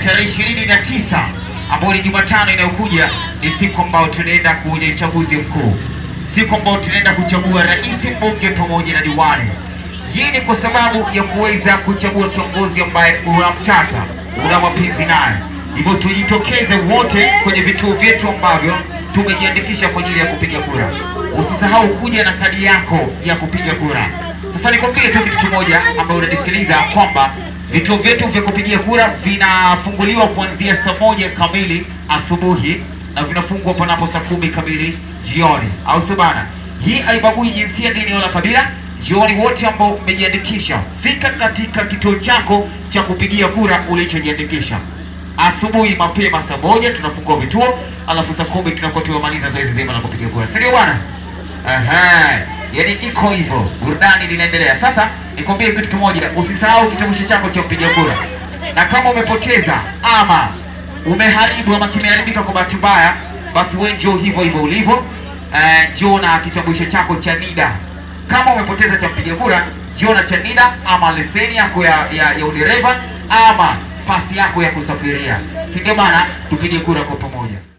tarehe ishirini na tisa ambayo ni Jumatano inayokuja ni siku ambayo tunaenda kuja uchaguzi mkuu, siku ambayo tunaenda kuchagua rais, mbunge pamoja na diwani. Hii ni kwa sababu ya kuweza kuchagua kiongozi ambaye unamtaka, una mapenzi naye. Hivyo tujitokeze wote kwenye vituo vyetu ambavyo tumejiandikisha kwa ajili ya kupiga kura. Usisahau kuja na kadi yako ya kupiga kura. Sasa nikwambie tu kitu kimoja ambayo unanisikiliza kwamba Vituo vyetu vya kupigia kura vinafunguliwa kuanzia saa moja kamili asubuhi na vinafungwa panapo saa kumi kamili jioni, au sio bana? Hii haibagui jinsia, dini wala kabila. Jioni wote ambao umejiandikisha, fika katika kituo chako cha kupigia kura ulichojiandikisha asubuhi mapema saa moja tunafungua vituo, alafu saa kumi tunakuwa tumemaliza zoezi zima la kupiga kura, si ndio bwana? Aha, yaani iko hivyo, burudani linaendelea sasa. Nikwambie kitu kimoja, usisahau kitambulisho chako cha mpiga kura, na kama umepoteza ama umeharibu ama kimeharibika kwa bahati mbaya, basi wewe njoo hivyo hivyo ulivyo. Uh, njoo na kitambulisho chako cha NIDA. Kama umepoteza cha mpiga kura, njoo na cha NIDA ama leseni yako ya, ya, ya udereva ama pasi yako ya kusafiria, si ndio? Maana tupige kura kwa pamoja.